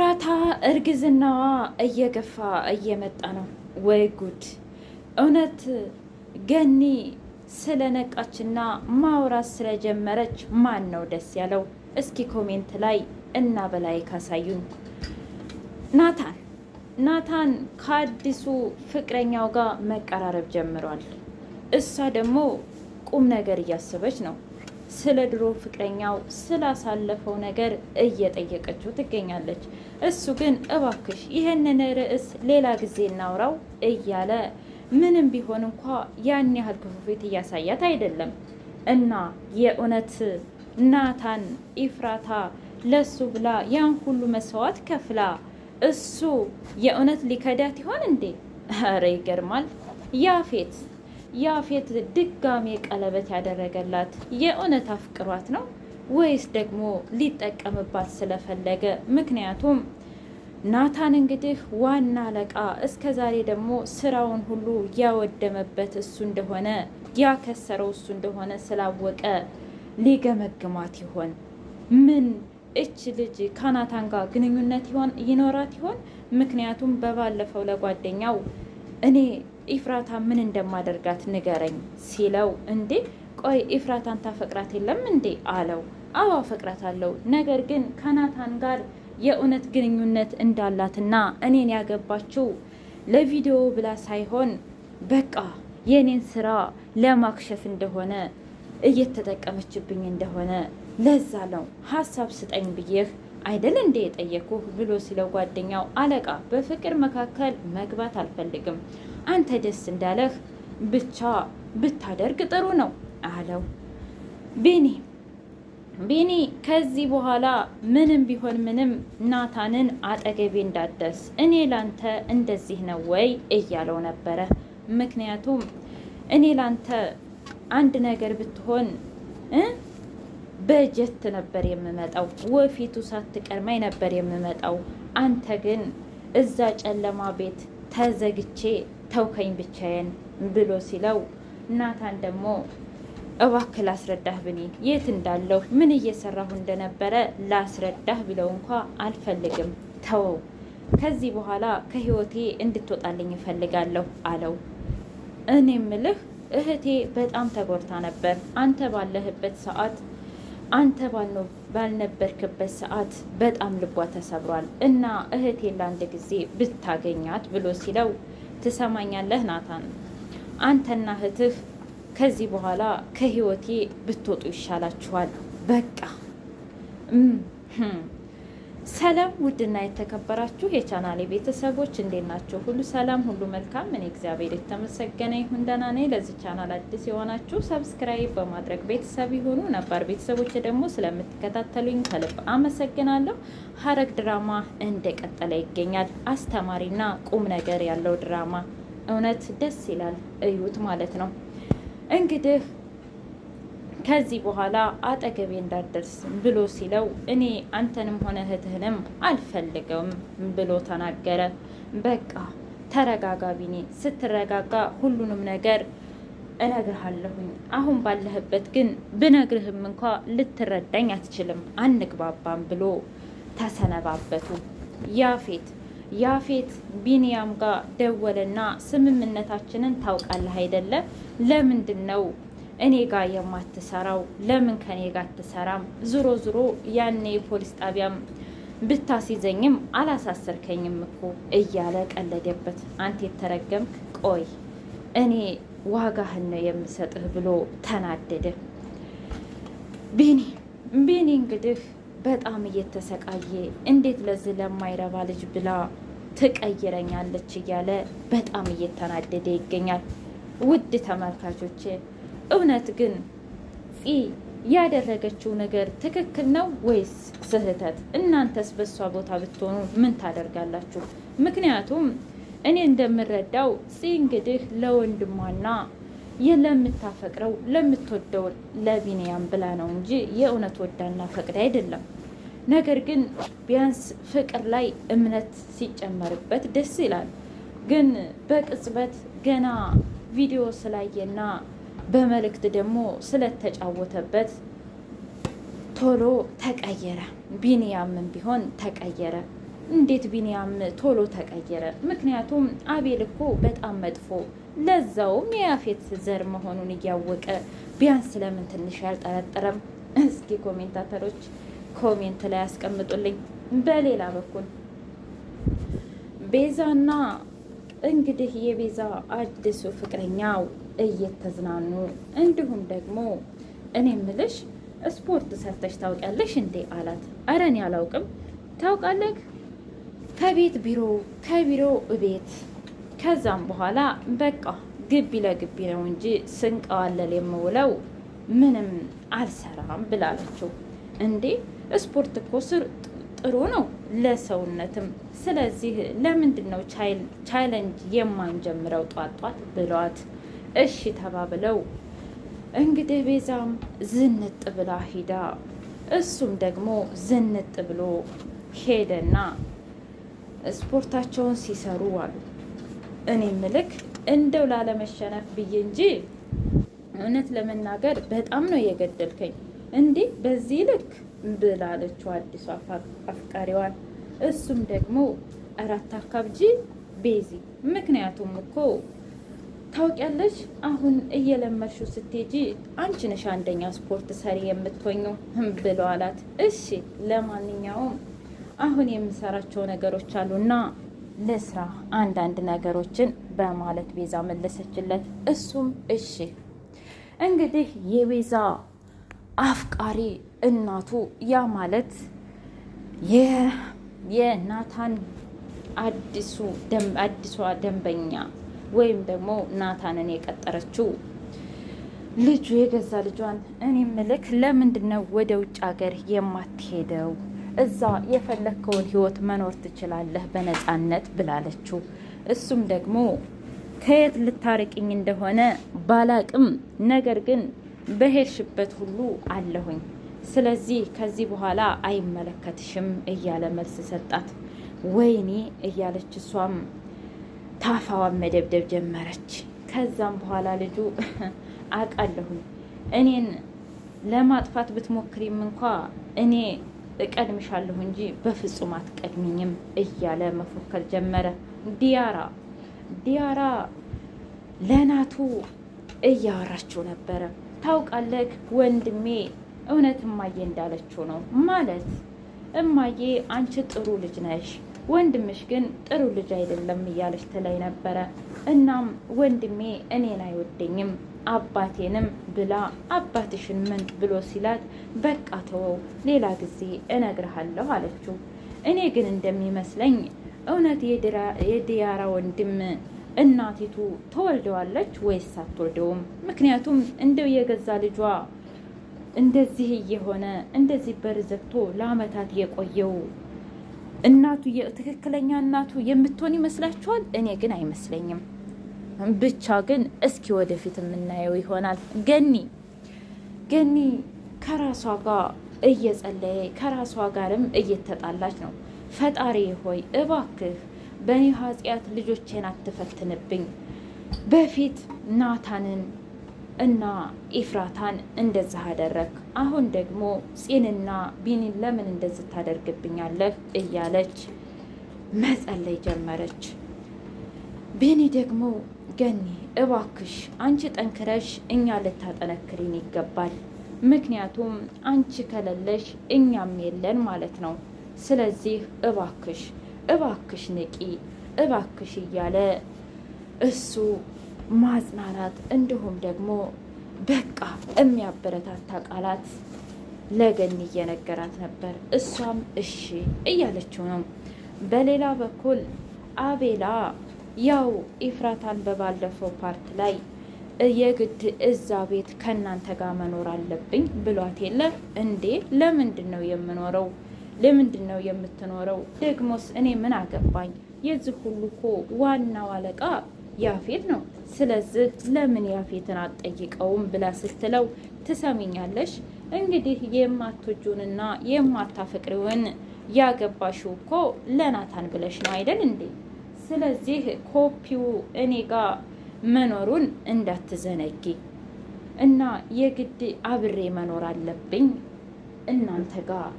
ኤፍራታ እርግዝናዋ እየገፋ እየመጣ ነው። ወይ ጉድ! እውነት ገኒ ስለነቃችና ማውራት ስለጀመረች ማን ነው ደስ ያለው? እስኪ ኮሜንት ላይ እና በላይ ካሳዩኝ። ናታን ናታን ከአዲሱ ፍቅረኛው ጋር መቀራረብ ጀምሯል። እሷ ደግሞ ቁም ነገር እያሰበች ነው። ስለ ድሮ ፍቅረኛው ስላሳለፈው ነገር እየጠየቀችው ትገኛለች። እሱ ግን እባክሽ ይህንን ርዕስ ሌላ ጊዜ እናውራው እያለ ምንም ቢሆን እንኳ ያን ያህል ክፉፊት እያሳያት አይደለም። እና የእውነት ናታን ኢፍራታ ለሱ ብላ ያን ሁሉ መስዋዕት ከፍላ እሱ የእውነት ሊከዳት ይሆን እንዴ? ኧረ ይገርማል። ያፌት ያፌት ድጋሜ ቀለበት ያደረገላት የእውነት አፍቅሯት ነው ወይስ ደግሞ ሊጠቀምባት ስለፈለገ? ምክንያቱም ናታን እንግዲህ ዋና አለቃ እስከ ዛሬ ደግሞ ስራውን ሁሉ ያወደመበት እሱ እንደሆነ ያከሰረው እሱ እንደሆነ ስላወቀ ሊገመግማት ይሆን? ምን እች ልጅ ከናታን ጋር ግንኙነት ይሆን ይኖራት ይሆን? ምክንያቱም በባለፈው ለጓደኛው እኔ ኢፍራታ ምን እንደማደርጋት ንገረኝ ሲለው፣ እንዴ ቆይ ኢፍራታን ታፈቅራት የለም እንዴ አለው። አዎ አፈቅራታለሁ፣ ነገር ግን ከናታን ጋር የእውነት ግንኙነት እንዳላትና እኔን ያገባችው ለቪዲዮ ብላ ሳይሆን በቃ የእኔን ስራ ለማክሸፍ እንደሆነ እየተጠቀመችብኝ እንደሆነ ለዛ ነው ሀሳብ ስጠኝ ብዬህ አይደል እንዴ የጠየኩህ ብሎ ሲለው ጓደኛው አለቃ በፍቅር መካከል መግባት አልፈልግም፣ አንተ ደስ እንዳለህ ብቻ ብታደርግ ጥሩ ነው አለው ቤኔ ቢኒ ከዚህ በኋላ ምንም ቢሆን ምንም ናታንን አጠገቤ እንዳደርስ እኔ ላንተ እንደዚህ ነው ወይ እያለው ነበረ። ምክንያቱም እኔ ላንተ አንድ ነገር ብትሆን በጀት ነበር የምመጣው፣ ወፊቱ ሳትቀርማኝ ነበር የምመጣው። አንተ ግን እዛ ጨለማ ቤት ተዘግቼ ተውከኝ ብቻዬን ብሎ ሲለው ናታን ደግሞ እባክህ ላስረዳህ ብኔ የት እንዳለሁ ምን እየሰራሁ እንደነበረ ላስረዳህ ብለው እንኳ አልፈልግም፣ ተወው። ከዚህ በኋላ ከህይወቴ እንድትወጣልኝ እፈልጋለሁ አለው። እኔ ምልህ እህቴ በጣም ተጎድታ ነበር። አንተ ባለህበት ሰዓት አንተ ባልነበርክበት ሰዓት በጣም ልቧ ተሰብሯል እና እህቴ ለአንድ ጊዜ ብታገኛት ብሎ ሲለው፣ ትሰማኛለህ ናታን አንተና እህትህ ከዚህ በኋላ ከህይወቴ ብትወጡ ይሻላችኋል። በቃ ሰላም ውድና የተከበራችሁ የቻናሌ ቤተሰቦች እንዴት ናቸው? ሁሉ ሰላም፣ ሁሉ መልካም። እኔ እግዚአብሔር የተመሰገነ ይሁን ደህና ነኝ። ለዚህ ቻናል አዲስ የሆናችሁ ሰብስክራይብ በማድረግ ቤተሰብ ይሁኑ። ነባር ቤተሰቦች ደግሞ ስለምትከታተሉኝ ከልብ አመሰግናለሁ። ሐረግ ድራማ እንደቀጠለ ይገኛል። አስተማሪና ቁም ነገር ያለው ድራማ እውነት ደስ ይላል። እዩት ማለት ነው እንግዲህ ከዚህ በኋላ አጠገቤ እንዳደርስ ብሎ ሲለው እኔ አንተንም ሆነ እህትህንም አልፈልገውም ብሎ ተናገረ። በቃ ተረጋጋ ቢኔ ስትረጋጋ ሁሉንም ነገር እነግርሃለሁኝ። አሁን ባለህበት ግን ብነግርህም እንኳ ልትረዳኝ አትችልም፣ አንግባባም ብሎ ተሰነባበቱ። ያፌት ያፌት ቢንያም ጋር ደወለና ስምምነታችንን ታውቃለህ አይደለም ለምንድን ነው እኔ ጋር የማትሰራው? ለምን ከኔ ጋር አትሰራም? ዝሮ ዝሮ ያኔ ፖሊስ ጣቢያም ብታስይዘኝም አላሳሰርከኝም እኮ እያለ ቀለደበት። አንተ የተረገምክ ቆይ እኔ ዋጋህን ነው የምሰጥህ ብሎ ተናደደ። ቢኒ ቢኒ እንግዲህ በጣም እየተሰቃየ እንዴት ለዚህ ለማይረባ ልጅ ብላ ትቀይረኛለች እያለ በጣም እየተናደደ ይገኛል። ውድ ተመልካቾቼ እውነት ግን ፂ ያደረገችው ነገር ትክክል ነው ወይስ ስህተት? እናንተስ በእሷ ቦታ ብትሆኑ ምን ታደርጋላችሁ? ምክንያቱም እኔ እንደምረዳው ፂ እንግዲህ ለወንድሟና ለምታፈቅረው ለምትወደው ለቢንያም ብላ ነው እንጂ የእውነት ወዳና ፈቅድ አይደለም። ነገር ግን ቢያንስ ፍቅር ላይ እምነት ሲጨመርበት ደስ ይላል። ግን በቅጽበት ገና ቪዲዮ ስላየና በመልእክት ደግሞ ስለተጫወተበት ቶሎ ተቀየረ። ቢንያምን ቢሆን ተቀየረ። እንዴት ቢንያም ቶሎ ተቀየረ? ምክንያቱም አቤል እኮ በጣም መጥፎ ለዛውም የያፌት ዘር መሆኑን እያወቀ ቢያንስ ለምን ትንሽ ያልጠረጠረም? እስኪ ኮሜንታተሮች ኮሜንት ላይ ያስቀምጡልኝ። በሌላ በኩል ቤዛና እንግዲህ የቤዛ አዲሱ ፍቅረኛው እየተዝናኑ እንዲሁም ደግሞ እኔ ምልሽ ስፖርት ሰርተሽ ታውቂያለሽ እንዴ አላት። ኧረ እኔ አላውቅም። ታውቃለህ ከቤት ቢሮ፣ ከቢሮ ቤት፣ ከዛም በኋላ በቃ ግቢ ለግቢ ነው እንጂ ስንቀዋለል የምውለው ምንም አልሰራም ብላለችው። እንዴ ስፖርት እኮ ስር ጥሩ ነው ለሰውነትም። ስለዚህ ለምንድን ነው ቻይለንጅ የማንጀምረው ጧት ጧት ብሏት፣ እሺ ተባብለው እንግዲህ ቤዛም ዝንጥ ብላ ሂዳ እሱም ደግሞ ዝንጥ ብሎ ሄደና ስፖርታቸውን ሲሰሩ አሉ። እኔ ምልክ እንደው ላለመሸነፍ ብዬ እንጂ እውነት ለመናገር በጣም ነው የገደልከኝ እንዴ በዚህ ልክ ብላለችው አዲሷ አፍቃሪዋን። እሱም ደግሞ አራት አካብጂ ቤዚ፣ ምክንያቱም እኮ ታውቂያለሽ አሁን እየለመድሽው ስትሄጂ አንቺ ነሽ አንደኛ ስፖርት ሰሪ የምትሆኘው ብሎ አላት። እሺ ለማንኛውም አሁን የምሰራቸው ነገሮች አሉና ለስራ አንዳንድ ነገሮችን በማለት ቤዛ መለሰችለት። እሱም እሺ እንግዲህ የቤዛ አፍቃሪ እናቱ ያ ማለት የናታን አዲሱ አዲሷ ደንበኛ ወይም ደግሞ ናታንን የቀጠረችው ልጁ የገዛ ልጇን እኔ ምልክ ለምንድን ነው ወደ ውጭ ሀገር የማትሄደው? እዛ የፈለግከውን ህይወት መኖር ትችላለህ በነፃነት ብላለችው። እሱም ደግሞ ከየት ልታርቅኝ እንደሆነ ባላቅም፣ ነገር ግን በሄድሽበት ሁሉ አለሁኝ ስለዚህ ከዚህ በኋላ አይመለከትሽም እያለ መልስ ሰጣት። ወይኔ እያለች እሷም ታፋዋን መደብደብ ጀመረች። ከዛም በኋላ ልጁ አውቃለሁኝ እኔን ለማጥፋት ብትሞክሪም እንኳ እኔ እቀድምሻለሁ እንጂ በፍጹም አትቀድሚኝም እያለ መፎከር ጀመረ። ዲያራ ዲያራ ለናቱ እያወራችው ነበረ። ታውቃለህ ወንድሜ እውነት እማዬ እንዳለችው ነው ማለት እማዬ አንቺ ጥሩ ልጅ ነሽ፣ ወንድምሽ ግን ጥሩ ልጅ አይደለም እያለች ትላይ ነበረ። እናም ወንድሜ እኔን አይወደኝም አባቴንም ብላ አባትሽን ምን ብሎ ሲላት በቃ ተወው፣ ሌላ ጊዜ እነግርሃለሁ አለችው። እኔ ግን እንደሚመስለኝ እውነት የዲያራ ወንድም እናቲቱ ተወልደዋለች ወይስ አትወልደውም? ምክንያቱም እንደው የገዛ ልጇ እንደዚህ እየሆነ እንደዚህ በር ዘግቶ ለአመታት የቆየው እናቱ ትክክለኛ እናቱ የምትሆን ይመስላችኋል? እኔ ግን አይመስለኝም። ብቻ ግን እስኪ ወደፊት የምናየው ይሆናል። ገኒ ገኒ ከራሷ ጋር እየጸለየ ከራሷ ጋርም እየተጣላች ነው። ፈጣሪ ሆይ እባክህ በእኔ ኃጢአት ልጆቼን አትፈትንብኝ። በፊት ናታንን እና ኤፍራታን እንደዛ አደረግ። አሁን ደግሞ ፂንና ቢኒን ለምን እንደዚህ ታደርግብኛለህ? እያለች መጸለይ ጀመረች። ቢኒ ደግሞ ገኒ እባክሽ አንቺ ጠንክረሽ እኛ ልታጠነክሪን ይገባል። ምክንያቱም አንቺ ከሌለሽ እኛም የለን ማለት ነው። ስለዚህ እባክሽ እባክሽ ንቂ፣ እባክሽ እያለ እሱ ማጽናናት እንዲሁም ደግሞ በቃ የሚያበረታታ ቃላት ለገኒ እየነገራት ነበር። እሷም እሺ እያለችው ነው። በሌላ በኩል አቤላ ያው ኢፍራታን በባለፈው ፓርት ላይ የግድ እዛ ቤት ከእናንተ ጋር መኖር አለብኝ ብሏት የለ እንዴ? ለምንድን ነው የምኖረው? ለምንድን ነው የምትኖረው? ደግሞስ እኔ ምን አገባኝ? የዚህ ሁሉ እኮ ዋናው አለቃ ያፌት ነው። ስለዚህ ለምን ያፌትን አትጠይቀውም ብላ ስትለው ትሰሚኛለሽ እንግዲህ የማትወጂውንና የማታፈቅሪውን ያገባሽው እኮ ለናታን ብለሽ ነው አይደል እንዴ? ስለዚህ ኮፒው እኔ ጋር መኖሩን እንዳትዘነጊ እና የግድ አብሬ መኖር አለብኝ እናንተ ጋር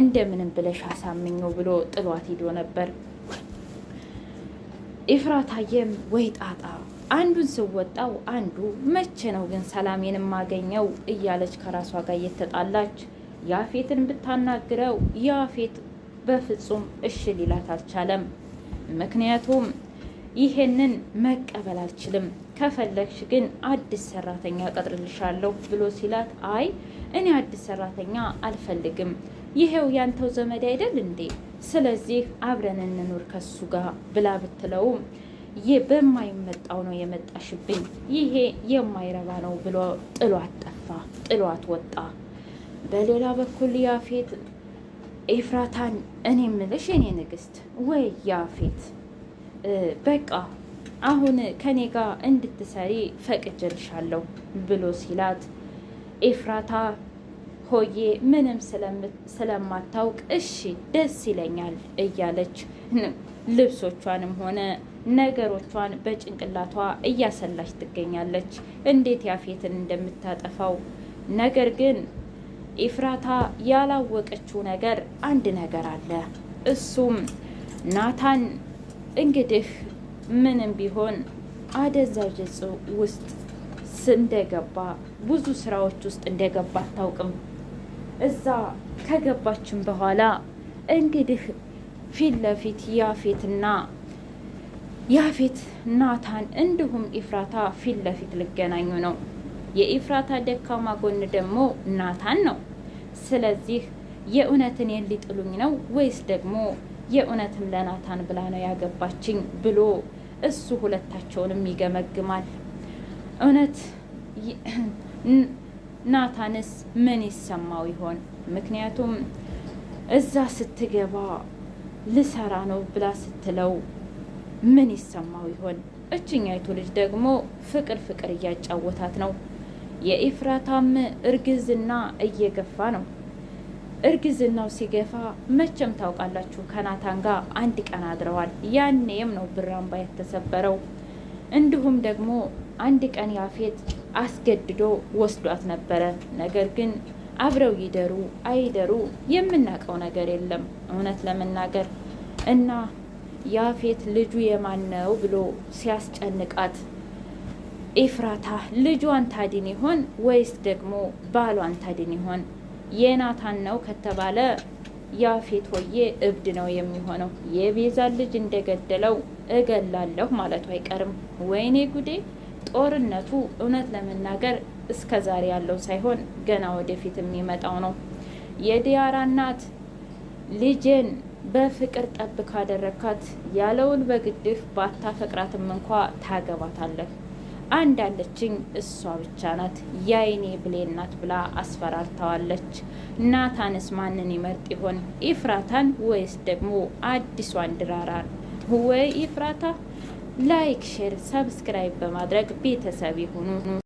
እንደምንም ብለሽ አሳምኘው ብሎ ጥሏት ሄዶ ነበር። ኢፍራታየም ወይ ጣጣ አንዱን ስወጣው አንዱ መቼ ነው ግን ሰላሜን የማገኘው እያለች ከራሷ ጋር እየተጣላች ያፌትን ብታናግረው ያፌት በፍጹም እሽ ሊላት አልቻለም። ምክንያቱም ይሄንን መቀበል አልችልም፣ ከፈለግሽ ግን አዲስ ሰራተኛ ቀጥርልሻለሁ ብሎ ሲላት፣ አይ እኔ አዲስ ሰራተኛ አልፈልግም፣ ይሄው ያንተው ዘመድ አይደል እንዴ? ስለዚህ አብረን እንኑር ከሱ ጋር ብላ ብትለውም በማይመጣው ነው የመጣሽብኝ፣ ይሄ የማይረባ ነው ብሎ ጥሏት ጠፋ፣ ጥሏት ወጣ። በሌላ በኩል ያፌት ኤፍራታን እኔ ምልሽ የኔ ንግስት፣ ወይ ያፌት በቃ አሁን ከኔ ጋር እንድትሰሪ ፈቅጀልሻለሁ ብሎ ሲላት ኤፍራታ ሆዬ ምንም ስለማታውቅ እሺ ደስ ይለኛል እያለች ልብሶቿንም ሆነ ነገሮቿን በጭንቅላቷ እያሰላች ትገኛለች፣ እንዴት ያፌትን እንደምታጠፋው። ነገር ግን ኢፍራታ ያላወቀችው ነገር አንድ ነገር አለ። እሱም ናታን እንግዲህ ምንም ቢሆን አደንዛዥ እጽ ውስጥ እንደገባ ብዙ ስራዎች ውስጥ እንደገባ አታውቅም። እዛ ከገባችን በኋላ እንግዲህ ፊት ለፊት ያፌትና ያፌት ናታን እንዲሁም ኢፍራታ ፊት ለፊት ሊገናኙ ነው። የኢፍራታ ደካማ ጎን ደግሞ ናታን ነው። ስለዚህ የእውነትን ሊጥሉኝ ነው ወይስ ደግሞ የእውነትም ለናታን ብላ ነው ያገባችኝ ብሎ እሱ ሁለታቸውንም ይገመግማል። እውነት ናታንስ ምን ይሰማው ይሆን? ምክንያቱም እዛ ስትገባ ልሰራ ነው ብላ ስትለው ምን ይሰማው ይሆን? እችኛይቱ ልጅ ደግሞ ፍቅር ፍቅር እያጫወታት ነው። የኢፍራታም እርግዝና እየገፋ ነው። እርግዝናው ሲገፋ መቼም ታውቃላችሁ ከናታን ጋር አንድ ቀን አድረዋል። ያኔም ነው ብራምባ የተሰበረው። እንዲሁም ደግሞ አንድ ቀን ያፌት አስገድዶ ወስዷት ነበረ። ነገር ግን አብረው ይደሩ አይደሩ የምናውቀው ነገር የለም እውነት ለመናገር እና ያፌት ልጁ የማን ነው ብሎ ሲያስጨንቃት ኤፍራታ ልጇን ታድን ይሆን ወይስ ደግሞ ባሏን ታድን ይሆን? የናታን ነው ከተባለ ያፌት ወዬ እብድ ነው የሚሆነው። የቤዛን ልጅ እንደገደለው እገላለሁ ማለቱ አይቀርም። ወይኔ ጉዴ ጦርነቱ እውነት ለመናገር እስከ ዛሬ ያለው ሳይሆን ገና ወደፊት የሚመጣው ነው። የዲያራ እናት ልጄን በፍቅር ጠብ ካደረግካት ያለውን በግድፍ ባታፈቅራትም እንኳ ታገባታለህ። አንድ አለችኝ፣ እሷ ብቻ ናት፣ ያይኔ ብሌ ናት ብላ አስፈራርተዋለች። ናታንስ ማንን ይመርጥ ይሆን? ኢፍራታን ወይስ ደግሞ አዲሷን ድራራን? ወይ ኢፍራታ። ላይክ፣ ሼር፣ ሰብስክራይብ በማድረግ ቤተሰብ ይሁኑ።